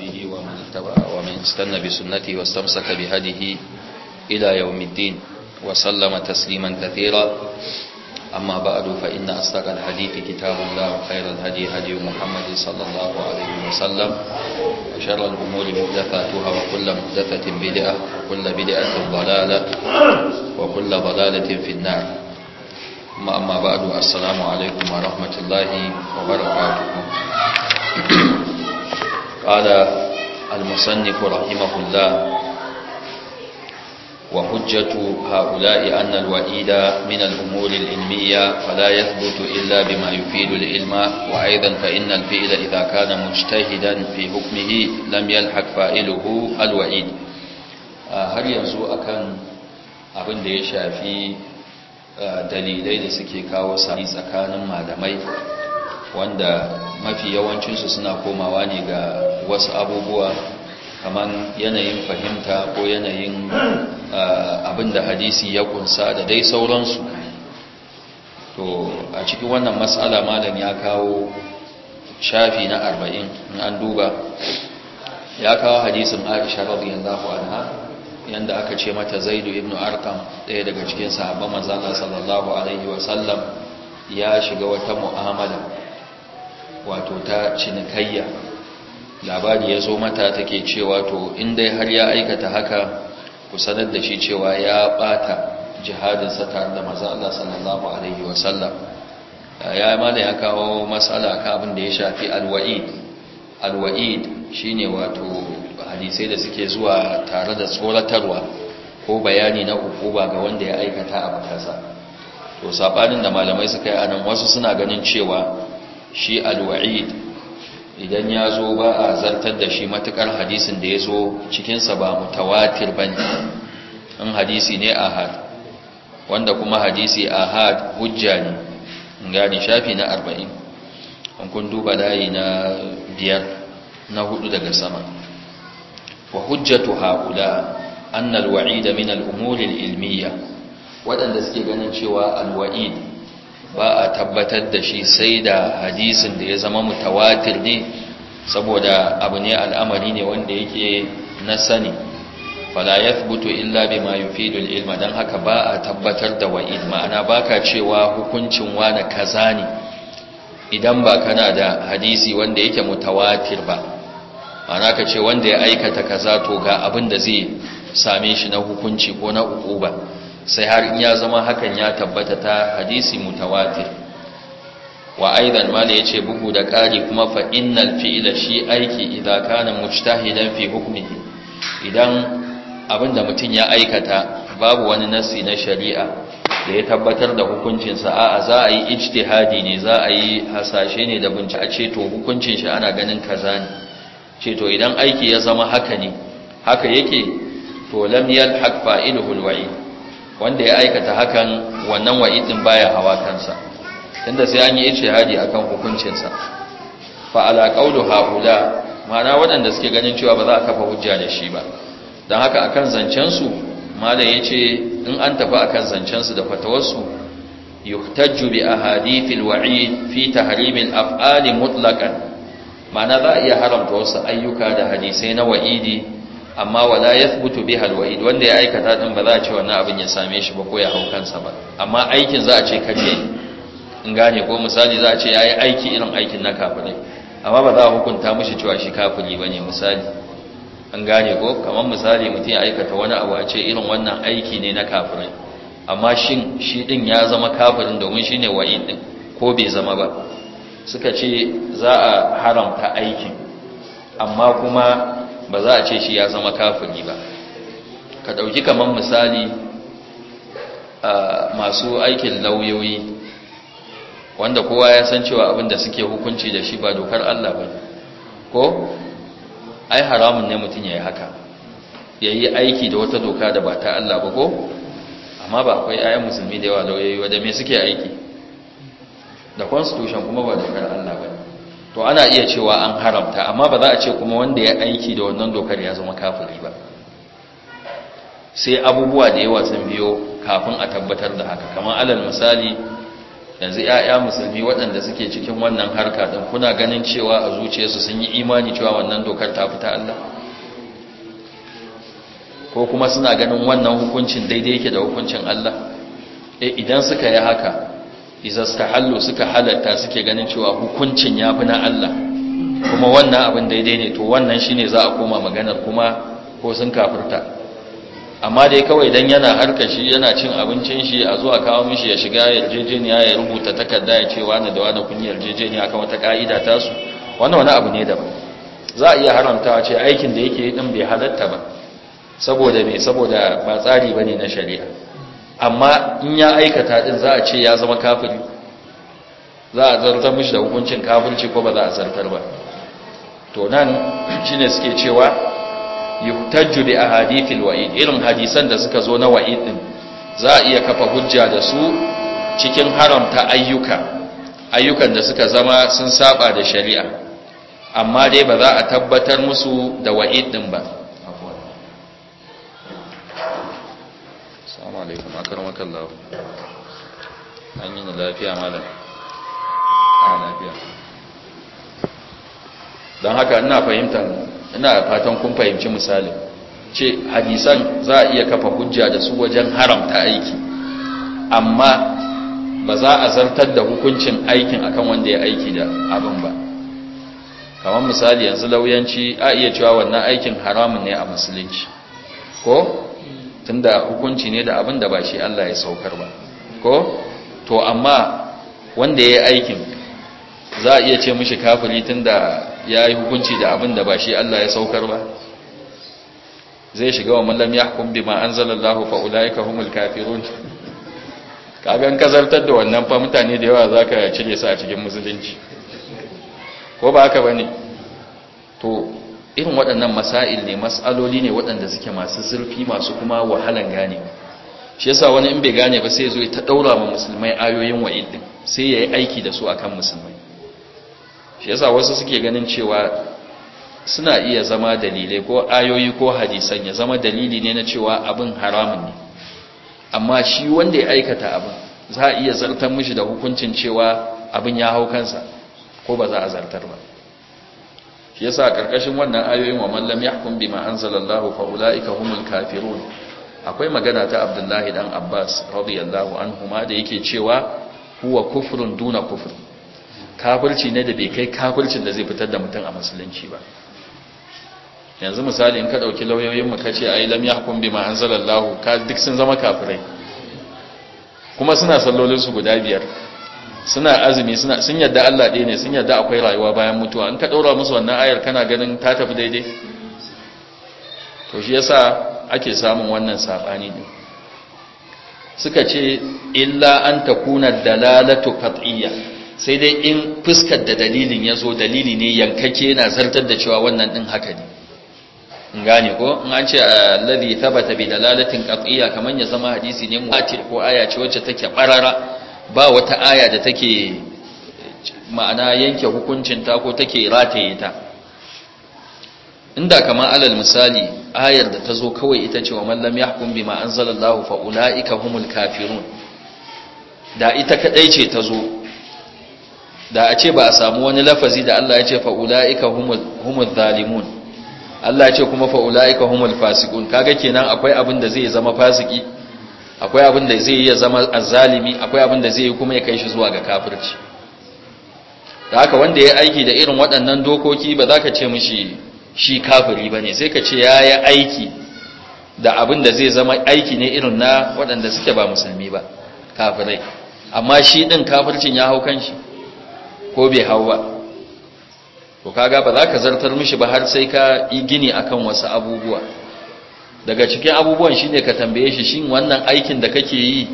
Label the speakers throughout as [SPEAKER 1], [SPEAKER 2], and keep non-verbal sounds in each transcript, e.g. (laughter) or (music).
[SPEAKER 1] به ومن اتبع ومن استنى بسنته واستمسك بهديه إلى يوم الدين وسلم تسليما كثيرا أما بعد فإن أصدق الحديث كتاب الله خير الهدي هدي محمد صلى الله عليه وسلم وشر الأمور محدثاتها وكل محدثة بدعة وكل بدعة ضلالة وكل ضلالة في النار أما بعد السلام عليكم ورحمة الله وبركاته قال المصنف رحمه الله وحجة هؤلاء أن الوئيد من الأمور العلمية فلا يثبت إلا بما يفيد العلم وأيضا فإن الفئل إذا كان مجتهدا في حكمه لم يلحق فائله الوئيد هل ينزو أكان أبن ديشا في dalilai da suke kawo sani tsakanin malamai wanda mafi yawancinsu suna komawa ne ga wasu abubuwa kamar yanayin fahimta ko yanayin abin da hadisi ya kunsa da dai sauransu to a cikin wannan matsala malam ya kawo shafi na arba'in in an duba ya kawo hadisin aisha radiyallahu anha yanda aka ce mata zaidu ibn Arkam. ɗaya daga cikin sahabban manzon sallallahu alaihi wasallam ya shiga wata mu'amala wato ta cinikayya labari ya zo mata take cewa to in dai har ya aikata haka ku sanar da shi cewa ya bata jihadinsa tare da maza Allah sallallahu alaihi sallam ya mana ya kawo matsala ka abin da ya shafi alwa'id alwa'id shine wato hadisai da suke zuwa tare da tsoratarwa ko bayani na ukuba ga wanda ya aikata a kaza to sabanin da malamai suka yi anan wasu suna ganin cewa shi alwa'id idan ya zo ba a zartar da shi matukar hadisin da ya zo cikinsa ba mutawatir ba ne in hadisi ne ahad wanda kuma hadisi ahad hujja ne gani shafi na arba'in an kun duba layi na biyar na hudu daga sama wa hujjatu haula annal wa'ida min al-umuri al-ilmiyya waɗanda suke ganin cewa alwa'id ba a tabbatar da shi sai da hadisin da ya zama mutawatir ne saboda abu ne al'amari ne wanda yake na sani fala yathbutu illa bima yufidu al-ilma dan haka ba a tabbatar da wa'id ma'ana baka cewa hukuncin wani kaza ne idan ba kana da hadisi wanda yake mutawatir ba ma'ana ka ce wanda ya aikata kaza to ga abin da zai same shi na hukunci ko na uku ba. sai har in ya zama hakan ya tabbata ta hadisi mutawatir wa aidan ma da yace bugu da ƙari kuma fa innal fi'la shi aiki idan kana mujtahidan fi hukmihi idan abinda mutun ya aikata babu wani nasi na shari'a da ya tabbatar da hukuncin sa a'a za a yi ijtihadi ne za a yi hasashe ne da bincike a ce to hukuncin shi ana ganin kaza ne ce to idan aiki ya zama haka ne haka yake to lam yalhaq fa'iluhu alwa'id wanda ya aikata hakan wannan wa'idin baya hawa kansa tunda sai an yi ijtihadi akan hukuncinsa fa ala qawlu haula Mana waɗanda suke ganin cewa ba za a kafa hujja da shi ba don haka akan zancen su malam yace in an tafi akan zancen su da fatawarsu yuhtajju bi ahadithil wa'id fi tahrimil af'ali mutlaqan ma'ana za a iya haramta wasu ayyuka da hadisai na wa'idi amma wala yathbutu biha alwa'id wanda ya aikata din ba za a ce wannan abin ya same shi ba ko ya hau kansa ba amma aikin za a ce kace in gane ko misali za a ce yayi aiki irin aikin na kafiri, amma ba za a hukunta mishi cewa shi kafiri bane misali an gane ko kamar misali mutum ya aikata wani abu a ce irin wannan aiki ne na kafiri, amma shin shi din ya zama kafirin domin shine wa'id din ko bai zama ba suka ce za a haramta aikin amma kuma ba za a ce shi ya zama kafiri ba ka ɗauki kamar misali masu aikin lauyoyi wanda kowa ya san cewa abin da suke hukunci da shi ba dokar Allah ba ko ai haramun ne mutum ya yi haka ya yi aiki da wata doka da ba ta Allah ba ko amma ba akwai ayan musulmi da yawa lauyoyi wadda me suke aiki da constitution kuma ba dokar Allah ba ne to ana iya cewa an haramta amma ba za a ce kuma wanda ya aiki da wannan dokar ya zama kafiri ba sai abubuwa da yawa sun biyo kafin a tabbatar da haka kamar alal misali yanzu 'ya'ya musulmi waɗanda suke cikin wannan harka don kuna ganin cewa a zuciyarsu sun yi imani cewa wannan dokar ta fita Allah ko kuma suna ganin wannan hukuncin daidai yake da hukuncin Allah eh, idan suka yi haka hallo suka halatta suke ganin cewa hukuncin ya fi na Allah kuma wannan abin daidai ne to wannan shine za a koma maganar kuma ko sun kafirta amma dai kawai dan yana harka shi yana cin abincin shi a zuwa kawo mishi ya shiga yarjejeniya ya rubuta takarda ya ce wani da wani kun yarjejeniya kan wata ka'ida ta su wannan wani abu ne daban za a iya haramtawa ce aikin da yake yi din bai halatta ba saboda me saboda ba tsari bane na shari'a amma in ya aikata din za a ce ya zama kafiri za a zartar mishi da hukuncin kafirci ko ba za a zartar ba to nan shine suke cewa yuhtajju bi ahadithil wa'id irin hadisan da suka zo na wa'id din za a iya kafa hujja da su cikin haramta ayyuka ayyukan da suka zama sun saba da shari'a amma dai ba za a tabbatar musu da wa'id din ba assalamu alaikum akarmakan lawo an yi na lafiya malam a lafiya don haka ina fahimtar ina fatan kun fahimci misali ce hadisan za a iya kafa hujja da su wajen haramta aiki amma ba za a zartar da hukuncin aikin akan wanda ya aiki da abin ba kamar misali yanzu lauyanci a iya cewa wannan aikin haramun ne a musulunci ko tunda hukunci ne da abin da ba shi Allah ya saukar ba ko to amma wanda ya yi aikin za a iya ce mishi kafiri tunda ya yi hukunci da abin da ba shi Allah ya saukar ba zai shiga wa mallam ya hukum bima anzalallahu fa ulaika humul kafirun kagan kazartar da wannan fa mutane da yawa za ka cire su a cikin musulunci ko ba haka bane to irin waɗannan masail ne mas'aloli ne waɗanda suke masu zurfi masu kuma wahalan gane. shi yasa wani in bai gane ba sai ya zo ta ɗaura ma musulmai ayoyin wa'id din sai ya yi aiki da su akan musulmai shi yasa wasu suke ganin cewa suna iya zama dalilai ko ayoyi ko hadisan ya zama dalili ne na cewa abin haramun ne amma shi wanda ya aikata abin za a iya zartar mishi da hukuncin cewa abin ya hau kansa ko ba za a zartar ba shi yasa karkashin wannan ayoyin wa man lam yahkum bima anzalallahu fa ulaika humul kafirun akwai magana ta Abdullahi dan Abbas radiyallahu anhuma da yake cewa huwa kufrun duna kufr kafirci ne da bai kai kafircin da zai fitar da mutum a musulunci ba yanzu misali in ka dauki lauyoyin mu kace ai lam yahkum bima anzalallahu ka duk sun zama kafirai kuma suna sallolin su guda biyar suna azumi suna sun yarda Allah ɗaya ne sun yarda akwai rayuwa bayan mutuwa in ka ɗora musu wannan ayar kana ganin ta tafi daidai to shi yasa ake samun wannan saɓani ɗin suka ce illa an ta kuna dalalatu qat'iyya sai dai in fuskar da dalilin ya zo dalili ne yankake yana zartar da cewa wannan din haka ne in gane ko in an ce alladhi thabata bi dalalatin qat'iyya kaman ya zama hadisi ne mu'atir ko aya ce wacce take barara ba wata aya da take ma'ana yanke hukuncin ta ko take rataye ta inda kama alal misali ayar da ta zo kawai ita ce wa mallam ya hukun bi ma'anzalallahu fa'ula'ika humul kafirun da ita kadai ce ta zo da a ce ba a samu wani lafazi da Allah ya ce fa'ula'ika humul zalimun Allah ya ce kuma fa'ula'ika humul fasikun kaga kenan akwai abin da zai zama fasiki akwai abin da zai ya zama azalimi akwai abin da zai yi kuma ya kai shi zuwa ga kafirci da haka wanda ya aiki da irin waɗannan dokoki ba za ka ce mishi shi kafiri ba ne sai ka ce ya yi aiki da abin da zai zama aiki ne irin na waɗanda suke ba musulmi ba kafirai amma shi ɗin kafircin ya hau kanshi, ko bai hau ba to kaga ba za ka zartar mishi ba har sai ka yi gini akan wasu abubuwa daga cikin abubuwan shine ka tambaye shi shin wannan aikin da kake yi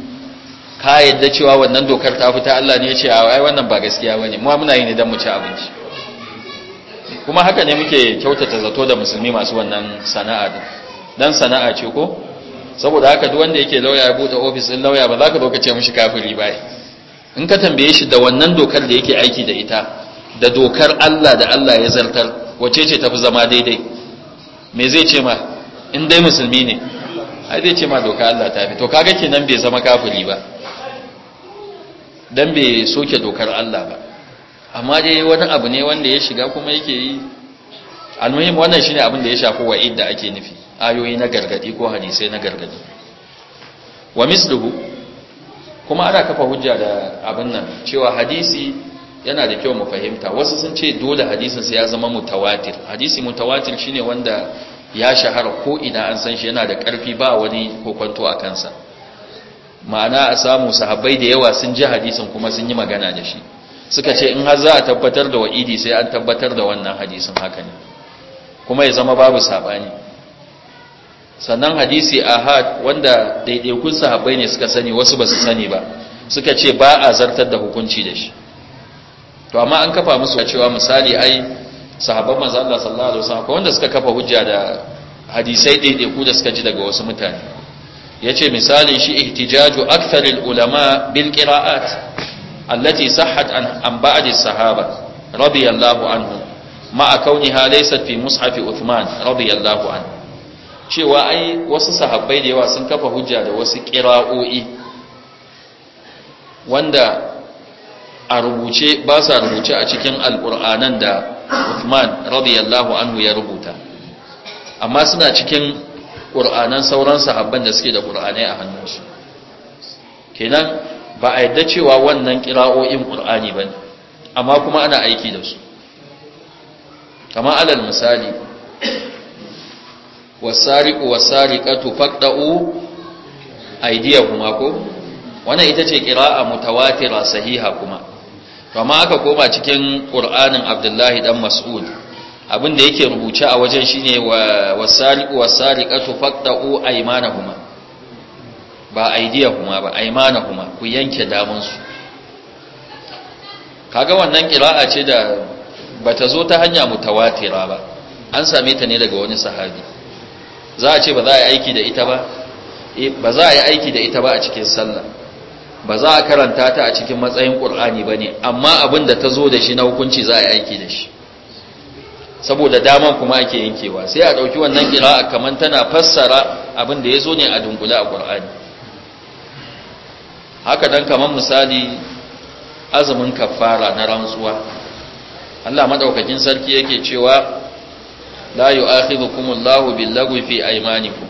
[SPEAKER 1] ka yadda cewa wannan dokar ta fita Allah ne ya ce ai wannan ba gaskiya bane mu muna yi ne dan mu ci abinci kuma haka ne muke kyautata zato da musulmi masu wannan sana'a din dan sana'a ce ko saboda haka duk wanda yake lauya ya bude office din lauya ba za ka zo ka ce mishi kafiri ba in ka tambaye shi da wannan dokar da yake aiki da ita da dokar Allah da Allah ya zartar wace ce tafi zama daidai me zai ce ma in dai musulmi ne ai zai ce ma doka Allah ta fi to kaga kenan bai zama kafiri ba dan bai soke dokar Allah ba amma dai wani abu ne wanda ya shiga kuma yake yi almuhim wannan shine abin da ya shafi wa idda ake nufi ayoyi na gargadi ko hadisai na gargadi wa misluhu kuma ana kafa hujja da abin nan cewa hadisi yana da kyau mu fahimta wasu sun ce dole hadisin sai ya zama mutawatir hadisi mutawatir shine wanda ya shahara ko ina an san shi yana da ƙarfi ba wani kokwanto a kansa ma'ana a samu sahabbai da yawa sun ji hadisin kuma sun yi magana da shi suka ce in har za a tabbatar da wa'idi sai an tabbatar da wannan hadisin haka ne kuma ya zama babu saɓani sannan hadisi ahad wanda daidaikun sahabbai ne suka sani wasu ba su sani ba suka ce ba a zartar da hukunci da shi to amma an kafa musu cewa misali ai sahabban manzo Allah sallallahu alaihi wasallam wanda suka kafa hujja da hadisai daidaiku da suka ji daga wasu mutane yace misalin shi ihtijaju aktharil ulama bil qira'at allati sahhat an an ba'di sahaba radiyallahu anhu ma kauniha laysat fi mushaf Uthman radiyallahu anhu cewa ai wasu sahabbai da yawa sun kafa hujja da wasu qira'o'i wanda a rubuce ba sa rubuce a cikin alqur'anan da Uthman radiyallahu anhu ya rubuta amma suna cikin ƙur'anan sauran sahabban da suke da ƙur'anai a hannunsu kenan ba a yadda cewa wannan ƙira'o'in ƙur'ani bane, amma kuma ana aiki da su kama alal misali wasariqu wasariqatu faɗa'u aidiya ko wannan ita ce ƙira'a mutawatira sahiha kuma to aka koma cikin qur'anin abdullahi dan mas'ud abin da yake rubuce a wajen shine wasariqu wasariqatu faqta'u aymanahuma ba kuma ba aymanahuma ku yanke damun su kaga wannan kir'a'a ce da bata zo ta hanya mutawatira ba an same ta ne daga wani sahabi za a ce ba za eh, ba za a yi aiki da ita ba a cikin sallah ba za a karanta ta a cikin matsayin ƙur'ani ba ne amma abin da ta zo da shi na hukunci za a yi aiki da shi saboda daman kuma ake yankewa sai a ɗauki wannan a kamar tana fassara abin da ya zo ne a dunkule a ƙur'ani haka dan kamar misali azumin kafara na rantsuwa Allah maɗaukakin sarki yake cewa la yu'akhidhukumullahu billagwi fi aymanikum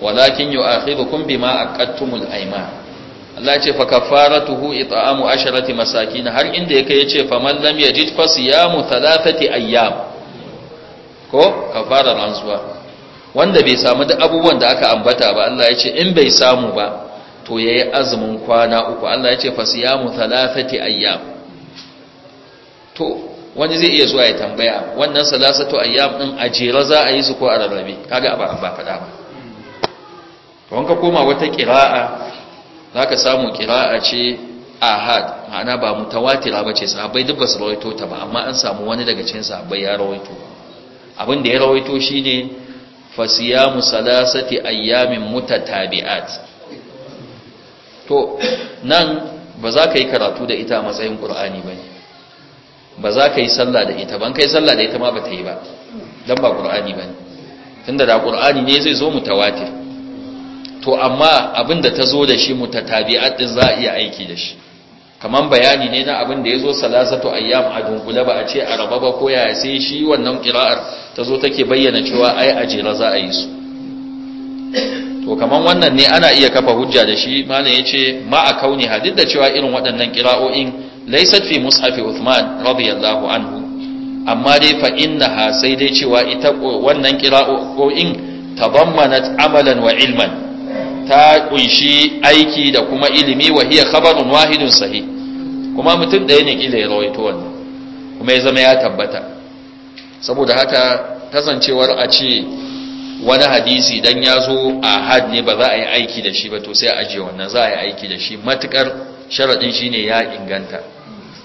[SPEAKER 1] walakin ma bima ƙattumul ayman Allah ce fa kafaratuhu it'amu asharati masakin har inda yake yace fa man lam yajid fa siyamu thalathati ayyam ko kafara ranzuwa wanda bai samu duk abubuwan da aka ambata ba Allah yace in bai samu ba to yayi azumin kwana uku Allah yace fa siyamu thalathati ayyam to wani zai iya zuwa ya tambaya wannan salasatu ayyam din ajira za a yi su ko a rarrabe kaga ba ba fada ba to wanka koma wata qira'a za ka samu kira'a ce ahad ma'ana ba mutawatira ba ce sahabbai duk ba su rawaito ta ba amma an samu wani daga cikin sahabbai ya rawaito abin da ya rawaito shine fasiyamu salasati ayyamin mutatabi'at to nan ba za ka yi karatu da ita a matsayin qur'ani ba ba za ka yi sallah da ita ban kai sallah da ita ma ba ta yi ba dan ba qur'ani ba tunda da qur'ani ne zai zo mutawatir to amma abin da ta zo da shi mutatabi'at din za a iya aiki da shi Kamar bayani ne na abin da ya zo salasatu ayyam a dunkule ba a ce a raba ba ko ya sai shi wannan kira'ar ta zo take bayyana cewa ai a jera za a yi su to kamar wannan ne ana iya kafa hujja da shi malam yace ma a kauni hadid da cewa irin waɗannan kira'o'in laysat fi mushafi Uthman radiyallahu anhu amma dai fa innaha sai dai cewa ita wannan kira'o'in tadammanat amalan wa ilman ta kunshi aiki da kuma ilimi wa hiya khabarun wahidun sahih kuma mutum ɗaya ne kila ya rawaito wannan kuma ya zama ya tabbata saboda haka kasancewar a ce wani hadisi dan ya zo a had ne ba za a yi aiki da shi ba to sai a ajiye wannan za a yi aiki da shi matukar sharaɗin shi ne ya inganta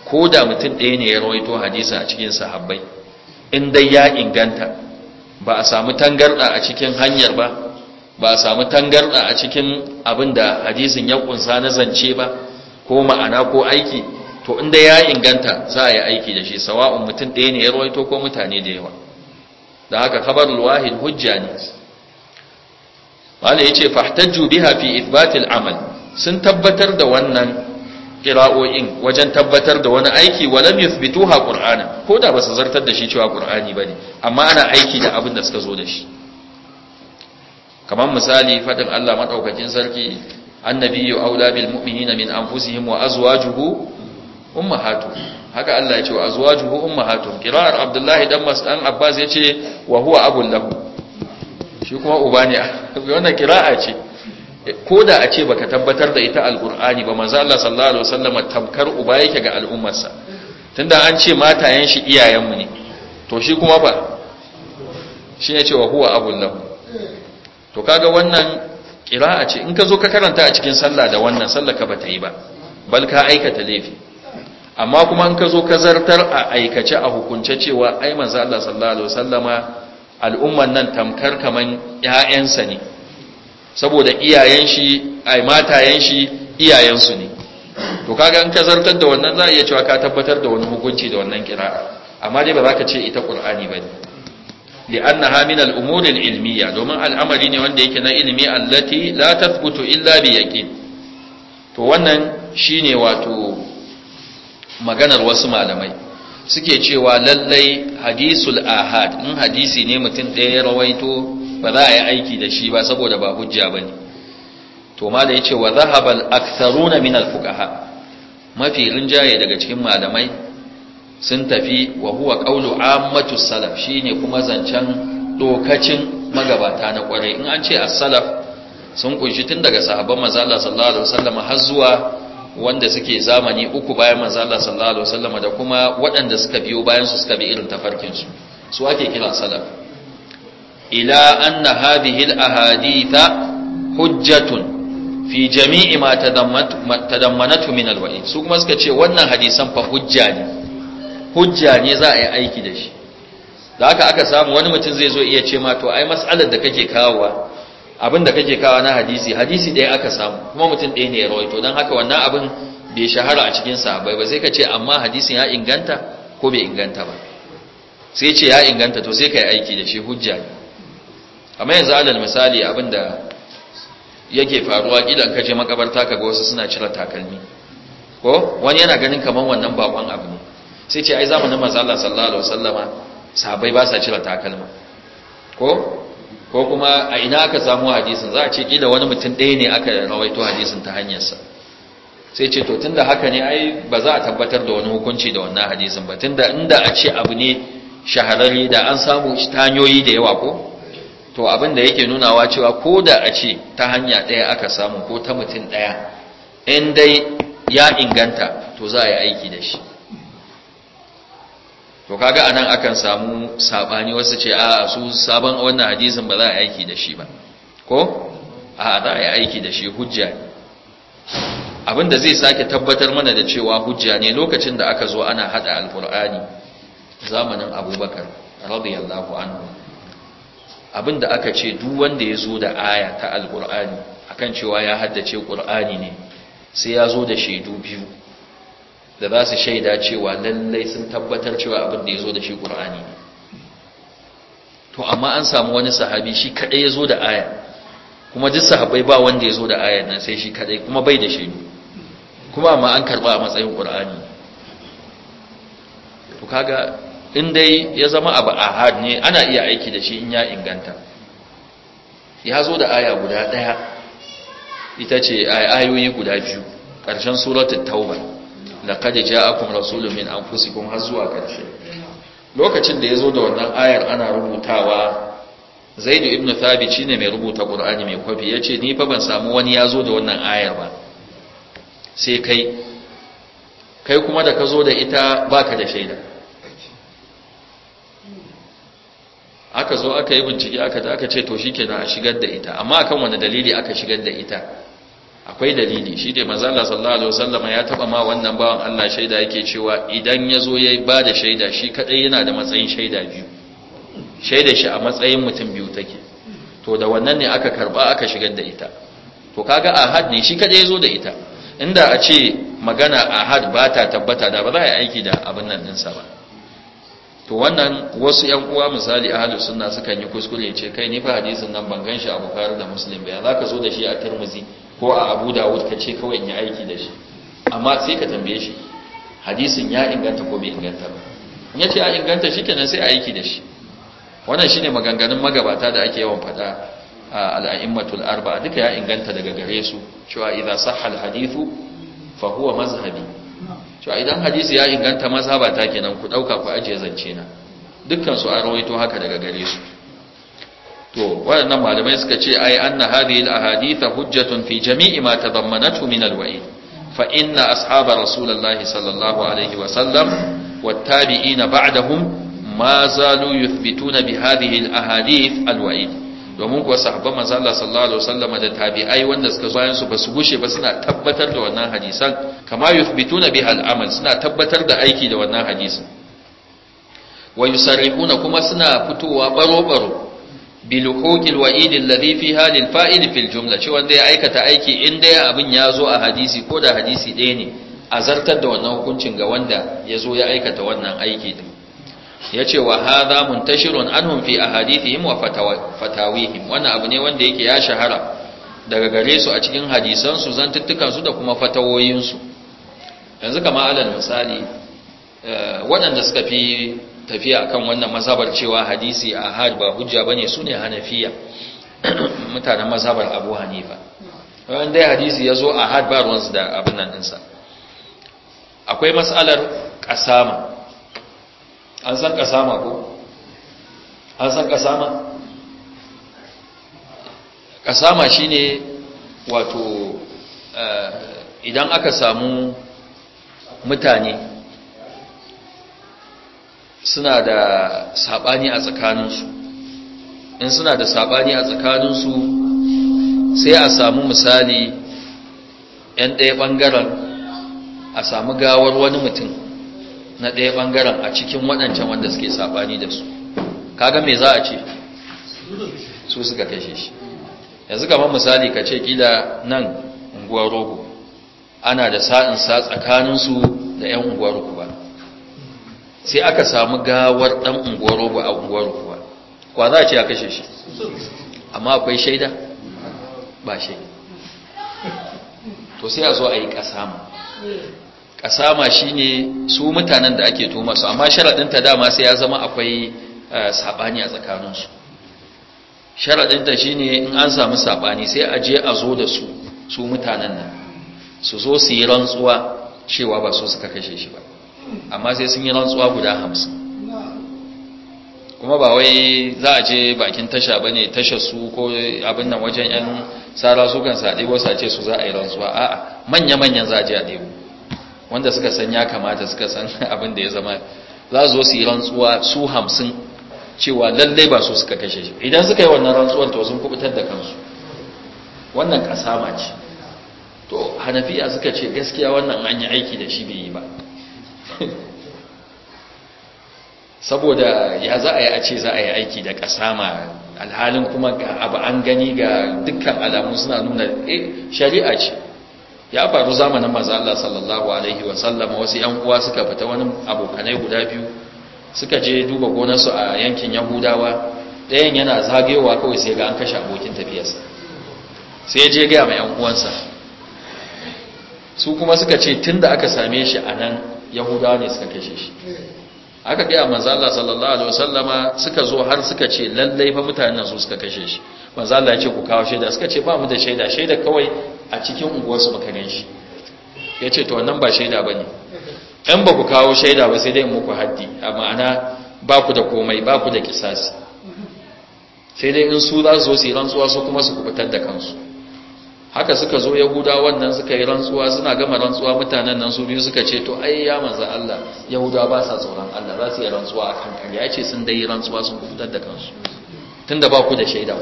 [SPEAKER 1] ko da mutum ɗaya ne ya rawaito hadisin a cikin sahabbai in dai ya inganta ba a samu tangarɗa a cikin hanyar ba ba a samu tangarda a cikin abin da hadisin ya kunsa na zance ba ko ma'ana ko aiki to inda ya inganta za a yi aiki da shi sawa'un mutum ɗaya ne ya rawaito ko mutane da yawa da haka khabar wahid hujja ne wanda ya ce fahtajju biha fi ithbatil amal sun tabbatar da wannan kira'o'in wajen tabbatar da wani aiki walam yuthbituha qur'ana ko da ba su zartar da shi cewa qur'ani bane amma ana aiki da abin da suka zo da shi kamar misali fadin Allah madaukakin sarki annabiyyu aula bil mu'minina min anfusihim wa azwajuhu ummahatu haka Allah ya ce wa azwajuhu ummahatu kirar abdullah dan Mas'an Abbas yace wa huwa abul lahu shi kuma uba ne (laughs) wannan kira'a ce ko da a ce baka tabbatar da ita alqur'ani ba manzo Allah sallallahu alaihi wasallam tamkar uba yake ga al'ummarsa tunda an ce matayen shi iyayenmu ne to shi kuma ba shi ya ce wa huwa abul lahu to kaga wannan qira'a ce in ka zo ka karanta a cikin sallah da wannan sallah ka bata yi ba bal ka aikata laifi amma kuma in ka zo ka zartar a aikace a hukunce cewa ai manzo Allah sallallahu alaihi wasallama al'umman nan tamkar kaman ƴaƴansa ne saboda iyayen shi ai matayen shi iyayen su ne to kaga in ka zartar da wannan za a iya cewa ka tabbatar da wani hukunci da wannan qira'a amma dai ba za ka ce ita qur'ani bane li'annaha min al-umuri al-ilmiya domin al'amari ne wanda yake na ilimi allati la tathbutu illa bi yakin? to wannan shine wato maganar wasu malamai suke cewa lallai hadisul ahad in hadisi ne mutum ɗaya ya rawaito ba za a yi aiki da shi ba saboda ba hujja bane to ma da yace wa dhahaba al-aktharuna min al mafi rinjaye daga cikin malamai sun tafi wa huwa qawlu ammatu salaf shine kuma zancen dokacin magabata na kwarai in an ce a salaf sun kunshi tun daga sahabban mazala sallallahu alaihi wasallam har zuwa wanda suke zamani uku bayan mazala sallallahu alaihi wasallam da kuma waɗanda suka biyo bayan su suka bi irin tafarkin su su ake kira salaf ila anna hadhihi al-ahaditha hujjatun fi jami'i ma tadammanatu min alwa'i su kuma suka ce wannan hadisan fa hujja ne hujja ne za a yi aiki da shi da haka aka samu wani mutum zai zo iya ce ma to ai mas'alar da kake kawowa abin da kake kawo na hadisi hadisi ɗaya aka samu kuma mutum ɗaya ne ya rawaito don haka wannan abin bai shahara a cikin sahabbai ba sai ka ce amma hadisin ya inganta ko bai inganta ba sai ce ya inganta to sai ka yi aiki da shi hujja ne amma yanzu alal misali abin da yake faruwa kila ka je makabarta ka ga wasu suna cire takalmi ko wani yana ganin kamar wannan bakon abu ne sai ce ai zamanin manzo Allah sallallahu alaihi wasallama sabai ba sa cire takalma ko ko kuma a ina aka samu hadisin za a ce kila wani mutum ɗaya ne aka rawaito hadisin ta hanyarsa sai ce to tunda haka ne ai ba za a tabbatar da wani hukunci da wannan hadisin ba tunda inda a ce abu ne shahararri da an samu ta hanyoyi da yawa ko to abin da yake nunawa cewa ko da a ce ta hanya ɗaya aka samu ko ta mutum ɗaya in dai ya inganta to za a yi aiki da shi to kaga anan akan samu sabani wasu ce a su sabon wannan hadisin ba za a aiki da shi ba ko a za a yi aiki da shi hujja abinda zai sake tabbatar mana da cewa hujja ne lokacin da aka zo ana hada alqur'ani zamanin abubakar radiyallahu anhu abinda aka ce duk wanda ya zo da aya ta alqur'ani akan cewa ya haddace qur'ani ne sai ya zo da shaidu biyu da za su shaida cewa lallai sun tabbatar cewa abin da ya zo da shi ƙur'ani ne to amma an samu wani sahabi shi kaɗai ya zo da aya kuma duk sahabai ba wanda ya zo da aya nan sai shi kaɗai kuma bai da shaidu kuma amma an karɓa a matsayin ƙur'ani to kaga in dai ya zama abu ahad ne ana iya aiki da shi in ya inganta ya zo da aya guda ɗaya ita ce ayoyi guda biyu ƙarshen suratul tauba laqad ja'akum rasulun min anfusikum har zuwa ƙarshe lokacin da ya zo da wannan ayar ana rubutawa Zaidu ibn Thabit shine mai rubuta Qur'ani mai kwafi ce ni fa ban samu wani yazo da wannan ayar ba sai kai kai kuma da ka da ita baka da shaida aka zo aka yi bincike aka aka ce to shi shikenan a shigar da ita amma akan wani dalili aka shigar da ita akwai dalili shi dai, manzo Allah sallallahu alaihi wasallama ya taba ma wannan bawan Allah shaida yake cewa idan yazo yayi ba da shaida shi kadai yana da matsayin shaida biyu shaida shi a matsayin mutum biyu take to da wannan ne aka karba aka shigar da ita to kaga ahad ne shi kadai yazo da ita inda a ce magana ahad ba ta tabbata da ba za a yi aiki da abin nan ɗinsa ba to wannan wasu ‘yan uwa misali ahalus sunna sukan yi kuskure ce kai ni fa hadisin nan ban gan shi a bukhari da muslim ba za ka zo da shi a turmuzi ko a abu dawud ka ce kawai in yi aiki da shi amma sai ka tambaye shi hadisin ya inganta ko bai inganta ba in ya ce a inganta shi kenan sai a aiki da shi wannan shine maganganun magabata da ake yawan faɗa a al'a'immatul arba duka ya inganta daga gare su cewa idza sahha al-hadithu fa huwa mazhabi cewa idan hadisi ya inganta mazhabata kenan ku dauka ku aje zance na dukkan su an rawaito haka daga gare su to waɗannan malamai suka ce ai anna hadhihi al hujjatun fi jami'i ma tadammanatu min al-wa'id fa inna ashaba rasulullahi sallallahu alaihi wa sallam والتابعين بعدهم ما زالوا يثبتون بهذه الاحاديث الوعيد domin kuwa sahabban manzo Allah sallallahu alaihi wasallam da tabi'ai wanda suka zo bayan su basu gushe ba suna tabbatar da wannan hadisan kama yuthbituna biha amal suna tabbatar da aiki da wannan hadisi wa yusarrihuna kuma suna fitowa baro baro biluhukil wa'idin, ladifi, halin lil fa'il fil jumla wanda ya aikata aiki in dai abin ya zo a hadisi ko da hadisi ɗaya ne a zartar da wannan hukuncin ga wanda ya zo ya aikata wannan aiki din yace wa hadha muntashirun anhum fi ahadithihim wa fatawihim wannan abu ne wanda yake ya shahara daga gare su a cikin hadisansu su tuttuka su da kuma fatawoyin su yanzu kamar alal misali eh, waɗanda suka fi tafiya akan wannan mazhabar cewa hadisi ahad ba hujja bane sune hanafiya (clears throat) mutanen mazhabar abu hanifa wanda dai hadisi ya zo ahad ba ruwansu da abin nan ɗinsa akwai matsalar ƙasama an san ƙasama ko an san ƙasama ƙasama shine wato eh, idan aka samu mutane suna da sabani a tsakaninsu in suna da sabani a tsakaninsu sai a samu misali yan ɗaya ɓangaren a samu gawar wani mutum na ɗaya ɓangaren a cikin waɗancan wanda suke sabani da su kaga me za a ce su suka kashe shi yanzu kamar misali ka ce kila nan unguwar rogo ana da sa'insa tsakaninsu da 'yan unguwar ku ba sai aka samu gawar dan unguwaro ba a unguwaro kuwa kwa za a ce a kashe shi amma akwai shaida ba shaida to sai a zo a yi kasama kasama shine su mutanen da ake tuma su amma sharaɗinta dama sai ya zama akwai eh, saɓani a tsakaninsu sharaɗinta shine in an samu saɓani sai a je a zo da su su mutanen nan su zo su yi rantsuwa cewa ba su suka kashe shi ba amma sai sun yi rantsuwa guda hamsin kuma ba wai za a je bakin tasha ba ne tasha su ko abin nan wajen 'yan tsara su kan sa ɗebo sa ce su za a yi rantsuwa a'a manya-manyan za a je a ɗebo wanda suka san ya kamata suka san (laughs) abin da ya zama za su zo su yi rantsuwa su hamsin cewa lallai ba su suka kashe shi idan suka yi wannan rantsuwar to sun kubutar da kansu wannan kasama ce to hanafiya suka ce gaskiya wannan an yi aiki da shi bai yi ba (laughs) saboda ya za a yi a ce za a yi aiki da kasama alhalin kuma ga abu an gani ga dukkan alamu suna nuna eh shari'a ce ya faru zamanin manzo Allah sallallahu alaihi wa wasu yan uwa suka fita wani abokanai guda biyu suka je duba gonarsu a yankin Yahudawa ɗayan yana zagewa kawai sai ga an kashe abokin tafiyarsa sai ya je gaya mai yan uwansa su kuma suka ce tun da aka same shi a nan Yahuda ne suka kashe shi aka gaya manzala sallallahu alaihi wasallama suka zo har suka ce lallai fa mutanen nan suka kashe shi manzala ya ce ku kawo shaida suka ce ba mu da shaida shaida kawai a cikin unguwarsu muka gan shi ya ce to wannan ba shaida ba ne ɗan ba ku kawo shaida ba sai dai muku haddi a ma'ana ba ku da komai ba ku da kisasi sai dai in su za su zo su yi rantsuwa su kuma su kubutar da kansu haka suka zo yahudawan nan suka yi rantsuwa suna gama rantsuwa mutanen nan su biyu suka ce to ai ya manzo Allah yahuda ba sa tsoron Allah za su yi rantsuwa akan kan ya ce sun dai rantsuwa sun kufutar da kansu tunda ba ku da shaida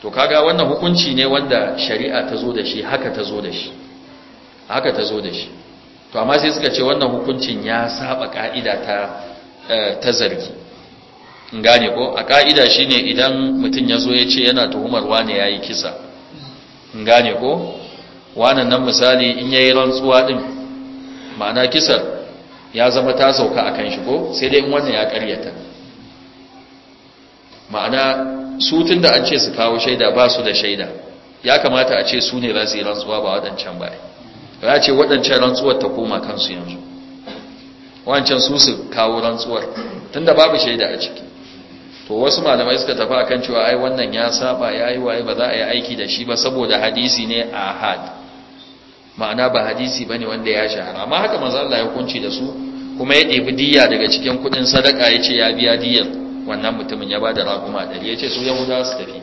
[SPEAKER 1] to kaga wannan hukunci ne wanda shari'a ta zo da shi haka ta zo da shi haka ta zo da shi to amma sai suka ce wannan hukuncin ya saba ka'ida ta eh, ta zargi gane ko a ka'ida shine idan mutum ya zo ya ce yana tuhumar wane ya yi kisa gane ko wannan nan misali in ya yi rantsuwa ɗin ma'ana kisar ya zama ta sauka a kan shi sai dai in wannan ya karyata ma'ana su tun da an ce su kawo shaida ba su da shaida ya kamata a ce su ne za su yi rantsuwa ba waɗancan ba ya ce waɗancan rantsuwar ta koma kansu yanzu wancan su su kawo rantsuwar tun da babu shaida a ciki to wasu malamai suka tafi akan cewa ai wannan ya saba yayi waye ba za a yi aiki da shi ba saboda hadisi ne ahad ma'ana ba hadisi bane wanda ya shahara amma haka manzo Allah ya kunci da su kuma ya ɗebi diyya daga cikin kuɗin sadaka ya ce ya biya diyyar wannan mutumin ya ba da raguma ɗari ya ce su yahudawa su tafi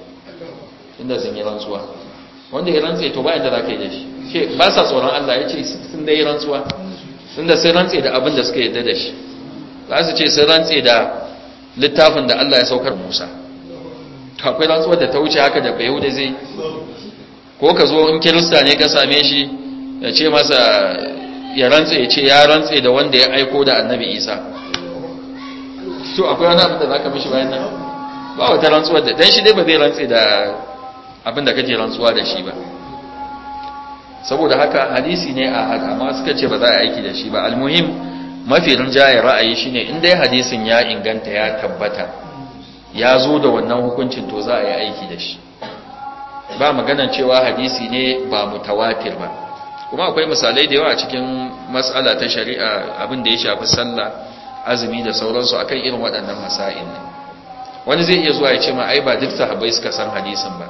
[SPEAKER 1] inda sun yi rantsuwa wanda ya rantsa to ba inda za ka yi da shi ke ba sa tsoron Allah ya ce sun da yi rantsuwa sun da sai rantsa da abin da suka yarda da shi za su ce sun rantsa da littafin da Allah ya saukar Musa akwai rantsuwar da ta wuce haka da bai hude zai ko ka zo in kirista ne ka same shi ya ce masa ya rantse ya ce ya rantse da wanda ya aiko da annabi isa to akwai wani abin da za ka mishi bayan nan ba wata rantsuwar da dan shi dai ba zai rantse da abin da kake rantsuwa da shi ba saboda haka hadisi ne a haka amma suka ce ba za a aiki da shi ba Al almuhim mafi rinjaye ra'ayi shine in dai hadisin ya inganta ya tabbata ya zo da wannan hukuncin to za a yi aiki da shi ba maganan cewa hadisi ne ba mutawatir ba kuma akwai misalai da yawa a cikin matsala ta shari'a abin da ya shafi sallah azumi da sauransu akan irin waɗannan masa'in ne wani zai iya zuwa ya ce ma ai ba duk sahabbai suka san hadisin ba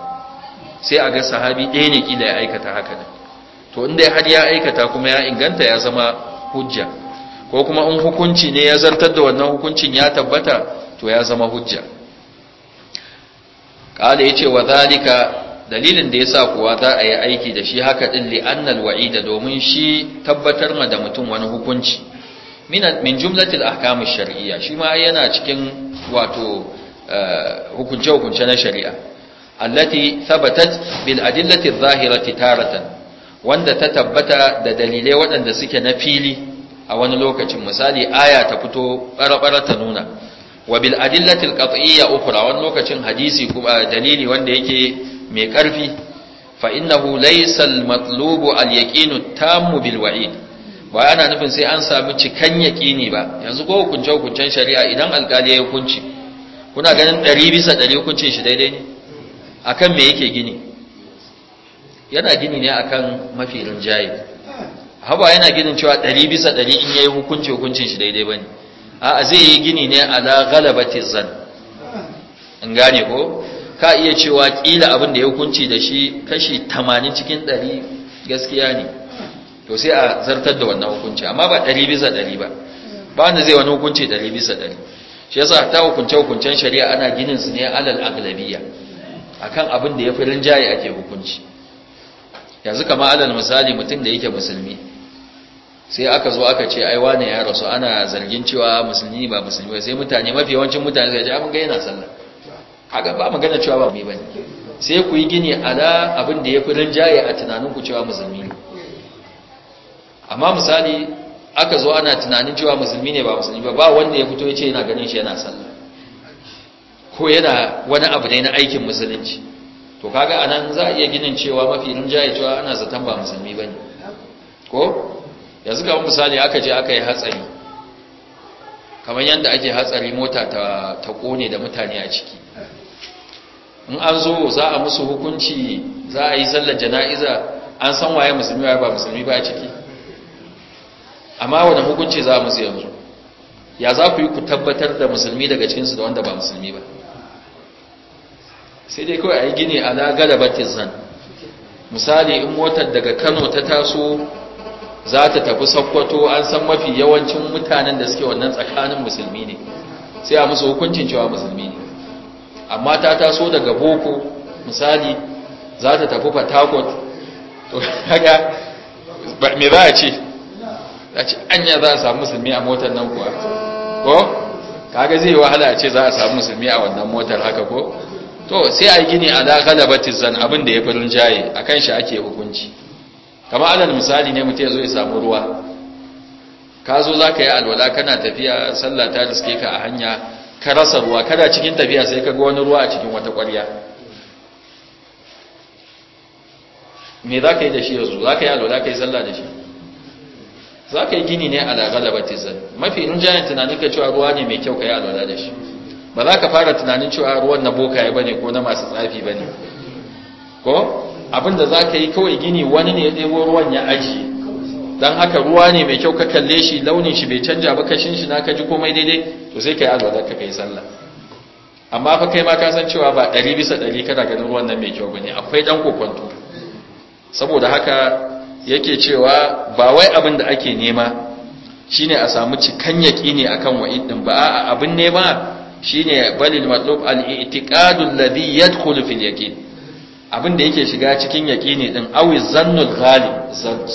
[SPEAKER 1] sai a ga sahabi ɗaya ne kila ya aikata haka ne to in dai har ya aikata kuma ya inganta ya zama hujja ko kuma in hukunci ne ya zartar da wannan hukuncin ya tabbata to ya zama hujja kada yace wa zalika dalilin da yasa kuwa za a yi aiki da shi haka din li annal wa'ida domin shi tabbatar ma da mutum wani hukunci min jumlatil ahkam shar'iyya shi ma yana cikin wato eh, hukunce hukunce na shari'a allati thabatat bil adillati adh-dhahirati taratan wanda ta tabbata da dalilai waɗanda suke na fili a wani lokacin misali aya ta fito ɓarɓar ta nuna wa bil adillatil qat'iyya ukhra wani lokacin hadisi kuma eh, dalili wanda yake mai ƙarfi fa innahu laysa al matlubu al yaqinu tammu bil wa'id ba ana nufin sai an samu cikan yaqini ba yanzu ko hukunce hukuncen shari'a idan alkali ya hukunci kuna ganin 100 bisa 100 hukuncin shi daidai ne akan me yake gini yana gini ne akan mafi rinjaye haba yana ginin cewa ɗari bisa ɗari in yayi hukunci hukuncin shi daidai bane a zai yi gini ne a ala galabati zan in gane ko ka iya cewa kila abin da ya hukunci da shi kashi 80 cikin 100 gaskiya ne to sai a zartar da wannan hukunci amma ba 100 bisa 100 ba ba wanda zai wani hukunci 100 bisa 100 shi yasa ta hukunce hukuncen shari'a ana ginin su ne alal aglabiya akan abin da ya fi rinjaye ake hukunci yanzu kama alal misali mutum da yake musulmi sai aka zo aka ce ai wane ya rasu ana zargin cewa musulmi ba musulmi ba sai mutane mafi yawancin mutane sai ya mun ga yana sallah haka ba magana cewa ba mai bane sai ku yi gini ala abin da yafi rinjaye a tunanin ku cewa musulmi ne amma misali aka zo ana tunanin cewa musulmi ne ba musulmi ba ba wanda ya fito ya ce yana ganin shi yana sallah ko yana wani abu ne na aikin musulunci to kaga anan za a iya ginin cewa mafi rinjaye cewa ana zaton ba musulmi bane ko yanzu ga misali aka je aka yi hatsari kamar yadda ake hatsari mota ta kone da mutane a ciki in an zo za a musu hukunci za a yi sallar jana'iza an san waye musulmi waye ba musulmi ba a ciki amma wani hukunci za a musu yanzu ya za ku yi ku tabbatar da musulmi daga cikinsu da wanda ba musulmi ba sai dai kawai a yi gini gada galabatin zan misali in motar daga kano ta taso za ta tafi sakkwato an san mafi yawancin mutanen da suke wannan tsakanin musulmi ne sai a musu hukuncin cewa musulmi ne amma ta taso daga boko misali za ta tafi fatakot to haka me za a ce a ce anya za a samu musulmi a motar nan kuwa ko kaga zai wahala a ce za a samu musulmi a wannan motar haka ko to sai a gini a galabatin zan abin da ya fi rinjaye kan shi ake hukunci kama alal misali ne mutum ya zo ya samu ruwa ka zo za ka yi alwala kana tafiya sallah ta riske ka a hanya ka rasa ruwa kada cikin tafiya sai ka ga wani ruwa a cikin wata ƙwarya me za ka yi da shi yanzu za ka yi alwala ka yi sallah da shi za ka yi gini ne a lagala zan mafi rinjayen tunanin ka cewa ruwa ne mai kyau ka yi alwala da shi ba za ka fara tunanin cewa ruwan na bokaye ba ne ko na masu tsafi ba ne ko abinda za ka yi kawai gini wani ne ya ɗebo ruwan ya ajiye don haka ruwa ne mai kyau ka kalle shi launin shi bai canja ba ka shin shi na ka ji komai daidai to sai ka yi alwada ka kai sallah amma fa kai ma ka san cewa ba ɗari bisa ɗari kana ganin ruwan nan mai kyau ba ne akwai ɗan kokonto saboda haka yake cewa ba wai abin da ake nema shine a samu cikan a akan wa'id ɗin ba a'a abin nema shine balil matlub al-i'tiqadu alladhi yadkhulu fil yaqin abin da yake shiga cikin yaqini din awi zannul ghali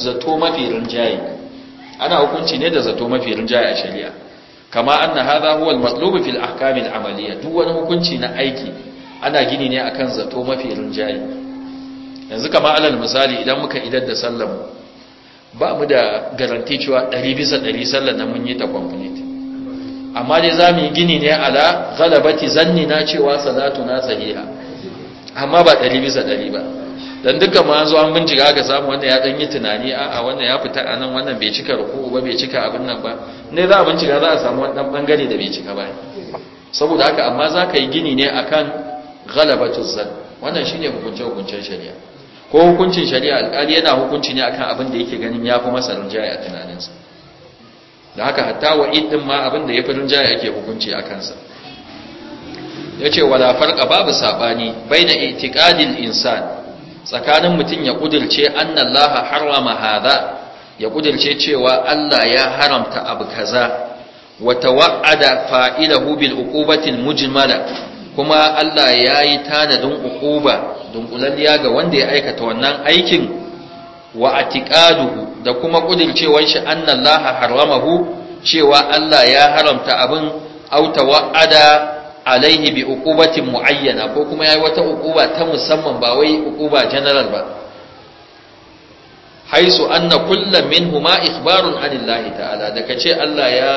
[SPEAKER 1] zato mafi rinjaye ana hukunci ne da zato mafi rinjaye a shari'a kama anna hadha huwa al-matlub fi al duk wani hukunci na aiki ana gini ne akan zato mafi rinjaye yanzu kama alal misali idan muka idar da sallar ba mu da garanti cewa ɗari bisa ɗari sallar na mun yi ta complete amma dai za mu yi gini ne ala zanni na cewa na sahiha amma ba ɗari bisa ɗari ba don duka ma zo an bincika aka samu wanda ya ɗan yi tunani a wannan ya fita a nan wannan bai cika ruku ba bai cika abin nan ba ne za a bincika za a samu wani ɗan ɓangare da bai cika ba saboda haka amma za ka yi gini ne a kan galabatun zan wannan shi ne hukunce-hukuncen shari'a ko hukuncin shari'a alƙali yana hukunci ne akan abin da yake ganin ya fi masa rinjaye a tunaninsa da haka hatta wa'id ɗin ma abin da ya fi rinjaye ake hukunci a kansa yace wala farqa babu sabani baina i'tiqadil insan tsakanin mutun ya kudirce annallaha harama hada ya kudirce cewa Allah ya haramta abu kaza wa tawa'ada fa'ilahu bil uqubatil mujmala kuma Allah ya yi tanadin uquba dunkulalliya ga wanda ya aikata wannan aikin wa atiqaduhu da kuma kudircewan shi annallaha haramahu cewa Allah ya haramta abin auta wa'ada. alaihi bi uqubatin muayyana ko kuma yayi wata uquba ta musamman ba wai uquba general ba haisu anna kullu minhuma ikhbarun anillahi ta'ala daga ce Allah ya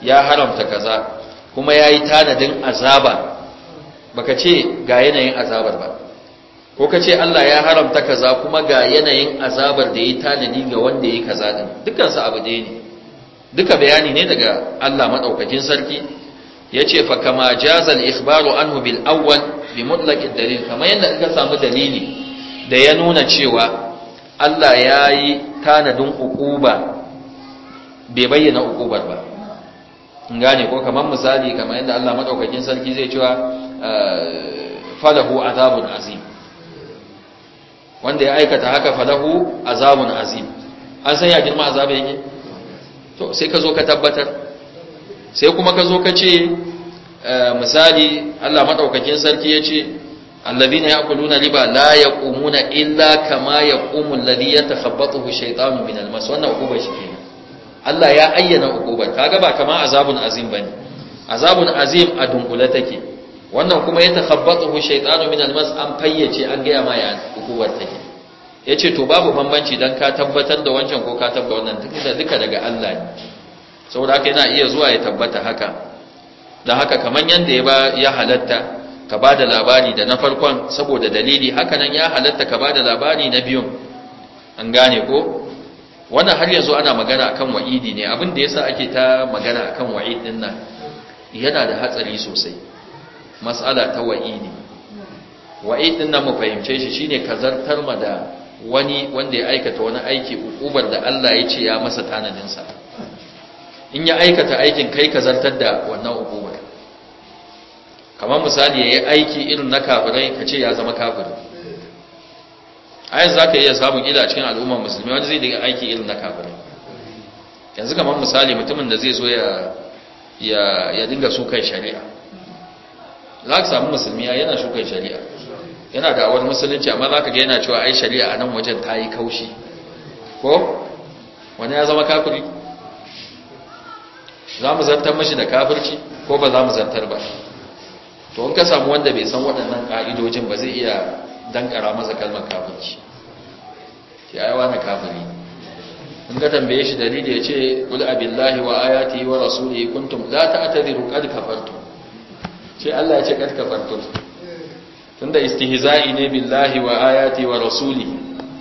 [SPEAKER 1] ya haramta kaza kuma yayi tanadin azaba baka ce ga yanayin azabar ba ko ka Allah ya haramta kaza kuma ga yanayin azabar da yayi tanadi ga wanda yayi kaza din dukkan su abu ne duka bayani ne daga Allah madaukakin sarki ce fa kama jazal ikhbaru anhu bil awwal bi mutlaqid dalil kamar yadda ka samu dalili da ya nuna cewa Allah yayi tanadin ukuba bai bayyana ukubar ba in gane ko kamar misali kamar yadda Allah madaukakin sarki zai cewa ah, falahu azabun azim wanda ya aikata haka falahu azabun azim an san ya girma azabe yake to sai ka zo ka tabbatar sai kuma ka zo ka ce eh, misali Allah madaukakin sarki ya ce allazina yaquluna riba la yaqumuna illa kama yaqumu alladhi yatakhabbathu shaytanu min almas wannan ukuba shi kenan Allah ya ayyana ukubar kaga ba kama azabun azim bane azabun azim a dunkule take wannan kuma yatakhabbathu shaytanu min almas an fayyace an ga ma ya ukubar take yace to babu bambanci dan ka tabbatar da wancan ko ka da wannan duka daga Allah ne saboda haka yana iya zuwa ya tabbata haka da haka kamar yadda ya ba ya halatta ka ba da labari da na farkon saboda dalili haka nan ya halatta ka ba da labari na biyun an gane ko wannan har yanzu ana magana akan wa'idi ne abin da yasa ake ta magana akan wa'id din nan yana da hatsari sosai mas'ala ta wa'idi wa'id din nan mu fahimce shi shine kazartar ma da wani wanda ya aikata wani aiki ukubar da Allah ya ce ya masa tanadin sa in ya aikata aikin kai ka zartar da wannan hukumar kamar misali ya yi aiki irin na kafirai ka ce ya zama kafirin a yanzu za ka iya samun ila cikin al'ummar musulmi wani zai daga aiki irin na kafirai yanzu kamar misali mutumin da zai so ya dinga sukan shari'a za ka samu musulmi yana sukan shari'a yana da awar musulunci amma za ka ga yana cewa ai shari'a a nan wajen ta yi kaushi ko wani ya zama kafiri za mu zartar mashi da kafirci ko ba za mu zartar ba to in ka samu wanda bai san waɗannan ƙa'idojin ba zai iya dankara masa kalmar kafirci ya yi wani kafiri in ka tambaye shi dalili ya ce kul abillahi wa ayati wa rasuli kuntum la ta'tadiru qad kafartum ce Allah ya ce qad kafartum tunda istihza'i ne billahi wa ayati wa rasuli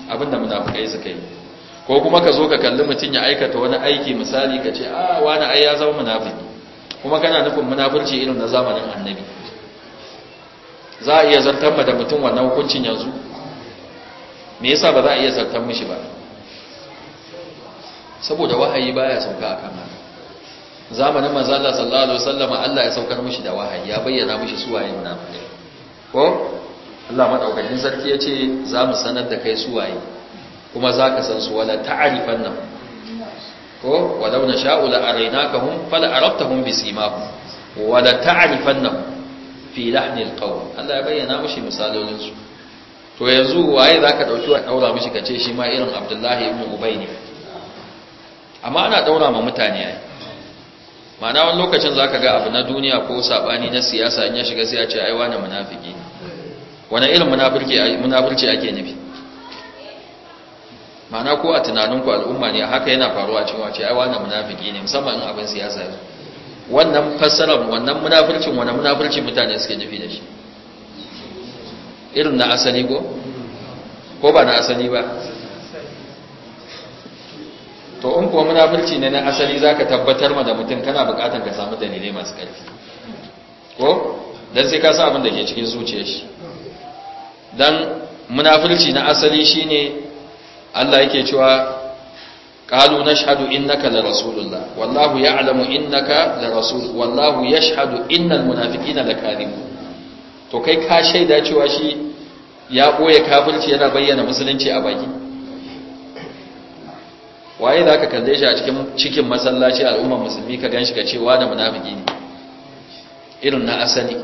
[SPEAKER 1] abinda munafikai suka yi ko kuma ka zo ka kalli mutum ya aikata wani aiki misali ka ce a ah, wani ai ya zama munafiki kuma kana nufin munafurci irin na zamanin annabi za a iya zartar da mutum wannan hukuncin yanzu me yasa ba za a iya zartar mishi ba saboda wahayi baya sauka a kan zamanin manzo Allah sallallahu alaihi wasallam Allah ya saukar mishi da wahayi ya bayyana mishi su waye munafiki ko Allah madaukakin sarki yace za mu sanar da kai su waye. kuma za ka san su wala ta'arifan nan ko walau na sha'u la arainakahum fala arabtahum bi simahum wala ta'arifan nan fi lahnil qawl Allah ya bayyana mushi misalolin su to yanzu waye za ka dauki wa daura ka kace shi ma irin Abdullahi ibn Ubay ne amma ana daura ma mutane ai ma'ana wani lokacin za ka ga abu na duniya ko sabani na siyasa in ya shiga sai a ce ai wani munafiki ne wani irin munafurci ake nufi ma'ana ko a tunaninku al'umma ne haka yana faruwa cewa ce ai wannan munafiki ne musamman in abin siyasa ne wannan fassarar wannan munafircin wannan munafircin mutane suke nufi da shi irin na asali ko ko ba na asali ba to in kuwa munafirci ne na asali zaka tabbatar ma da mutum kana buƙatar ka samu dalilai masu ƙarfi ko dan sai ka sa abin da ke cikin zuciyar shi dan munafirci na asali shine Allah yake cewa qalu nashhadu innaka la rasulullah wallahu ya'lamu innaka la rasul wallahu yashhadu innal munafiqina lakadibun to kai ka shaida cewa shi ya boye kafirci yana bayyana musulunci a baki waye zaka kalle shi a cikin cikin masallaci al'ummar musulmi ka ganshi ka ce wa da munafiki ne irin na asali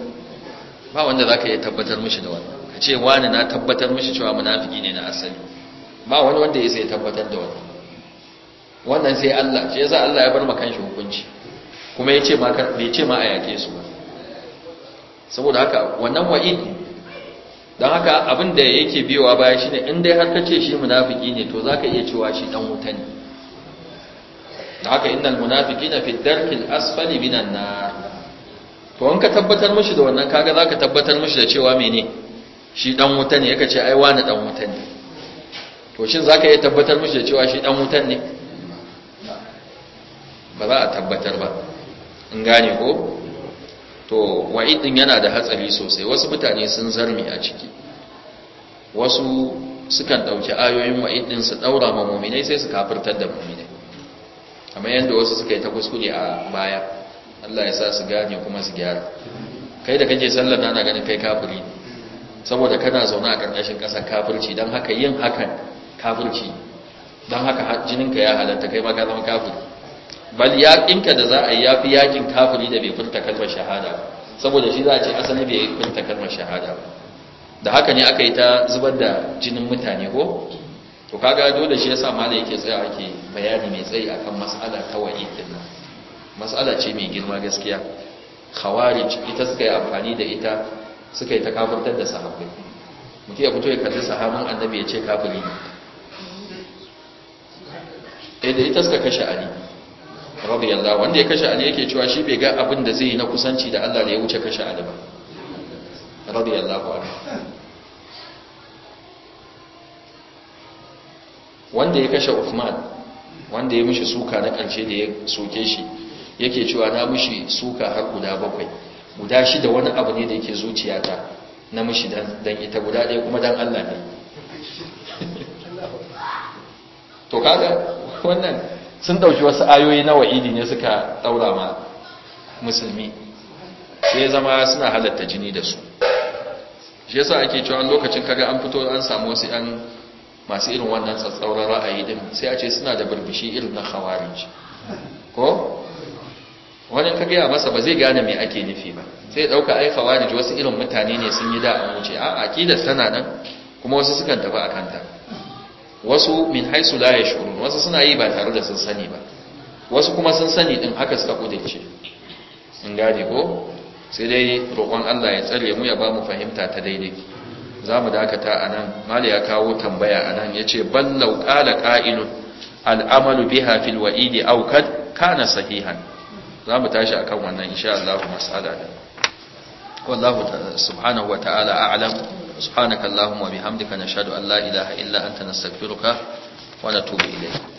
[SPEAKER 1] ba wanda zaka iya tabbatar mishi da wannan ka ce wani na tabbatar mishi cewa munafiki ne na asali ba wani wanda ya sai tabbatar da wani wannan sai Allah ya yasa Allah ya bar makan shi hukunci kuma ya ce ma bai ce ma a yake su ba saboda haka wannan wa'id don haka abin da yake biyowa baya shine in dai har kace shi munafiki ne to zaka iya cewa shi dan wuta ne da haka innal munafiqina fi darkin asfali minan nar to an ka tabbatar mishi da wannan kaga zaka tabbatar mishi da cewa mene shi dan wuta ne yaka ce ai wani dan wuta ne to shin za ka iya tabbatar mishi da cewa shi dan wutan ne ba za a tabbatar ba in gane ko to wa'id ɗin yana da hatsari sosai wasu mutane sun zarmi a ciki wasu sukan ɗauki ayoyin wa'id ɗin su ɗaura ma muminai sai su kafirtar da muminai amma yadda wasu suka yi ta kuskure a baya Allah ya sa su gane kuma su gyara kai da kake sallar na ganin kai kafiri saboda kana zaune a ƙarƙashin ƙasar kafirci don haka yin hakan kafirci don haka jininka ya halatta kai maka zama kafiri bal yaƙinka da za a yi ya fi yaƙin kafiri da bai furta kalmar shahada saboda shi za a ce asali bai furta kalmar shahada ba da haka ne aka yi ta zubar da jinin mutane ko to kaga dole shi yasa ma yake tsaya ake bayani mai tsayi akan mas'ala ta wa'ikin nan mas'ala ce mai girma gaskiya khawarij ita suka yi amfani da ita suka yi ta kafirtar da sahabbai mutum ya fito ya kalli sahabin annabi ya ce kafiri ne eh da ita suka kashe ali radiyallahu wanda ya kashe ali yake cewa shi bai ga abin da zai yi na kusanci da Allah da ya wuce kashe ali ba radiyallahu anhu wanda ya kashe Uthman wanda ya mishi suka na ƙarshe da ya soke shi yake cewa na mishi suka har guda bakwai guda shida wani abu ne da yake zuciyata na mishi dan ita guda ɗaya kuma dan Allah ne (laughs) to kaga wannan sun dauki wasu ayoyi na wa'idi ne suka daura ma musulmi sai zama suna halatta jini da su shi yasa ake cewa lokacin kaga an fito an samu wasu yan masu irin wannan tsatsauran ra'ayi din sai a ce suna da burbushi irin na khawarij ko wani ka gaya masa ba zai gane me ake nufi ba sai ya dauka ai khawarij wasu irin mutane ne sun yi da an wuce a aqidar tana nan kuma wasu sukan tafi akan ta wasu min haisu la yashurun wasu suna yi ba tare da sun sani ba wasu kuma sun sani din haka suka kudace in gane ko sai dai roƙon Allah ya tsare mu ya ba mu fahimta ta daidai za mu dakata a nan mali ya kawo tambaya a nan ya ce ballau ƙala ƙa'ilun al'amalu biha fil wa'idi aukad kana sahihan za mu tashi akan wannan insha Allah masala da wallahu subhanahu wa ta'ala a'lam subhanakallahumma wa bihamdika nashhadu an la ilaha illa anta nastaghfiruka wa natubu ilayk